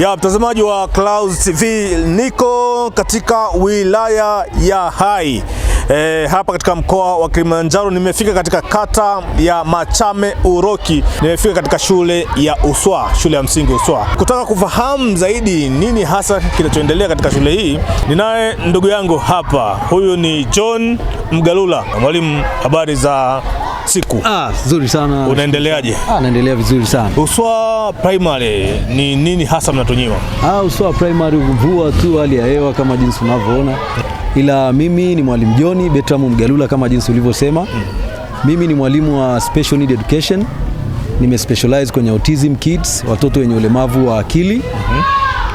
Ya mtazamaji wa Clouds TV, niko katika wilaya ya Hai e, hapa katika mkoa wa Kilimanjaro. Nimefika katika kata ya Machame Uroki, nimefika katika shule ya Uswa, shule ya msingi Uswa, kutaka kufahamu zaidi nini hasa kinachoendelea katika shule hii. Ninaye ndugu yangu hapa, huyu ni John Mgalula. Mwalimu, habari za siku? Ah, nzuri sana. Unaendeleaje? Ah, naendelea vizuri sana. Uswa primary ni nini hasa mnatunyiwa? Ah, Uswa primary mvua tu, hali ya hewa kama jinsi unavyoona, ila mimi ni mwalimu John Betram Mgalula kama jinsi ulivyosema. Hmm. Mimi ni mwalimu wa special need education, specialize kwenye autism kids, watoto wenye ulemavu wa akili. mm -hmm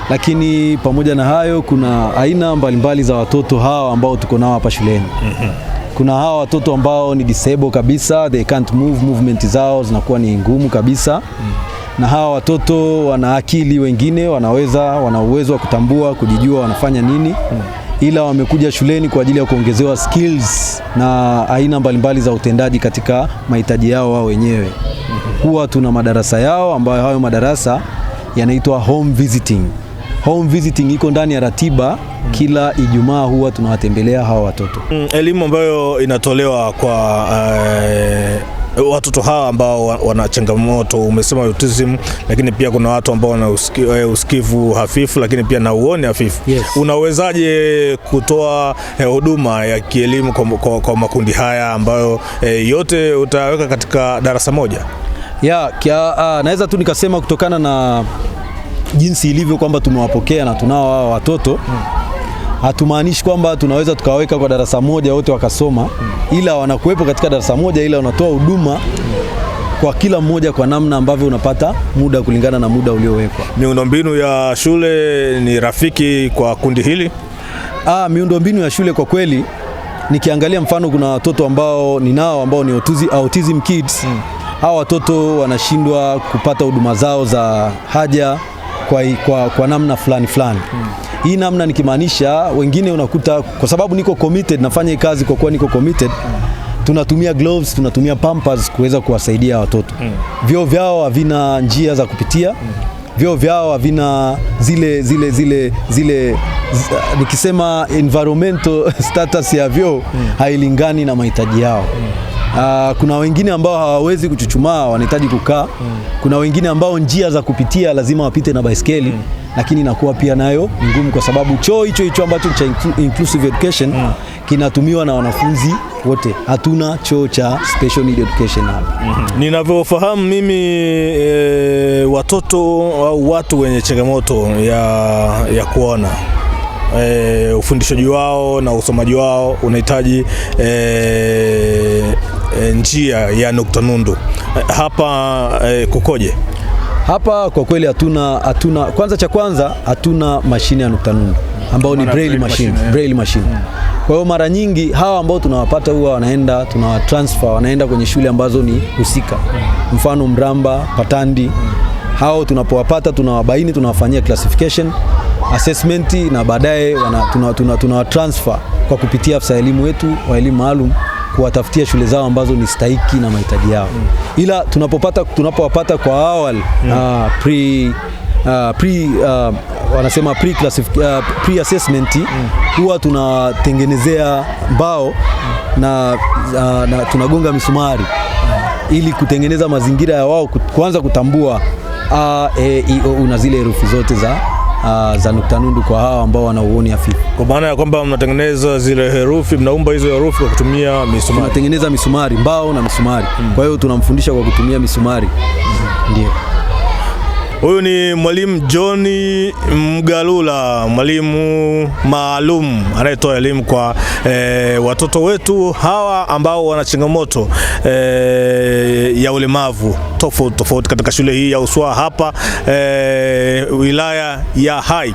lakini pamoja na hayo kuna aina mbalimbali mbali za watoto hawa ambao tuko nao hapa shuleni. mm -hmm kuna hawa watoto ambao ni disable kabisa, they can't move, movement zao zinakuwa ni ngumu kabisa mm. na hawa watoto wana akili, wengine wanaweza, wana uwezo wa kutambua, kujijua wanafanya nini mm. ila wamekuja shuleni kwa ajili ya kuongezewa skills na aina mbalimbali za utendaji katika mahitaji yao wao wenyewe huwa tuna madarasa yao ambayo hayo madarasa yanaitwa home visiting Home visiting iko ndani ya ratiba. Kila Ijumaa huwa tunawatembelea hawa watoto. Mm, elimu ambayo inatolewa kwa uh watoto hawa ambao wana changamoto umesema autism, lakini pia kuna watu ambao wana eh, usikivu hafifu, lakini pia na uoni hafifu yes. Unawezaje kutoa eh, huduma uh, ya kielimu kwa, kwa, kwa makundi haya ambayo uh, yote utaweka katika darasa moja? Ya, yeah, uh, ah, naweza tu nikasema kutokana na jinsi ilivyo kwamba tumewapokea na tunao hawa watoto hatumaanishi kwamba tunaweza tukawaweka kwa darasa moja wote wakasoma, ila wanakuwepo katika darasa moja, ila wanatoa huduma kwa kila mmoja kwa namna ambavyo unapata muda kulingana na muda uliowekwa. Miundombinu ya shule ni rafiki kwa kundi hili? Ah, miundombinu ya shule kwa kweli, nikiangalia mfano, kuna watoto ambao ninao ambao ni autism kids. Hmm. Hawa watoto wanashindwa kupata huduma zao za haja kwa, kwa, kwa namna fulani fulani hmm. Hii namna nikimaanisha, wengine unakuta kwa sababu niko committed, nafanya hii kazi kwa kuwa niko committed hmm. Tunatumia gloves, tunatumia pampers kuweza kuwasaidia watoto hmm. Vyoo vyao havina njia za kupitia hmm. Vyoo vyao havina zile zile zile zile Z, nikisema environmental status ya vyoo mm. hailingani na mahitaji yao mm. Uh, kuna wengine ambao hawawezi kuchuchumaa, wanahitaji kukaa mm. Kuna wengine ambao njia za kupitia lazima wapite na baiskeli mm. Lakini inakuwa pia nayo ngumu, kwa sababu choo hicho hicho ambacho cha inclusive education mm. kinatumiwa na wanafunzi wote, hatuna choo cha special need education hapa mm -hmm. Ninavyofahamu mimi e, watoto au watu wenye changamoto ya, ya kuona e, ufundishaji wao na usomaji wao unahitaji e, Eh, njia ya nukta nundu eh, hapa e, kukoje? Hapa kwa kweli hatuna hatuna, kwanza cha kwanza hatuna mashine ya nukta nundu ambayo ni braille machine, braille machine. Kwa hiyo mara nyingi hawa ambao tunawapata huwa wanaenda transfer, wanaenda kwenye shule ambazo ni husika, mfano Mramba, Patandi. Hao tunapowapata tunawabaini, tunawafanyia classification assessment na baadaye tunawa tuna, tuna kwa kupitia afisa elimu wetu wa elimu maalum kuwatafutia shule zao ambazo ni stahiki na mahitaji yao mm. Ila tunapopata tunapowapata kwa awali mm. uh, pre Uh, pre, uh, wanasema pre uh, pre assessment mm. huwa mm. tunatengenezea mbao mm. na, uh, na tunagonga misumari mm. ili kutengeneza mazingira ya wao kuanza kutambua a, e, i, o, una zile herufi zote za uh, za nukta nundu kwa hawa ambao wana uoni hafifu, kwa maana ya kwamba mnatengeneza zile herufi, mnaumba hizo herufi kwa kutumia misumari. Tunatengeneza misumari, mbao na misumari mm. Kwa hiyo tunamfundisha kwa kutumia misumari mm. Ndio. Huyu ni mwalimu John Mgalula, mwalimu maalum anayetoa elimu kwa e, watoto wetu hawa ambao wana changamoto e, ya ulemavu tofauti tofauti katika shule hii ya Uswa hapa e, wilaya ya Hai.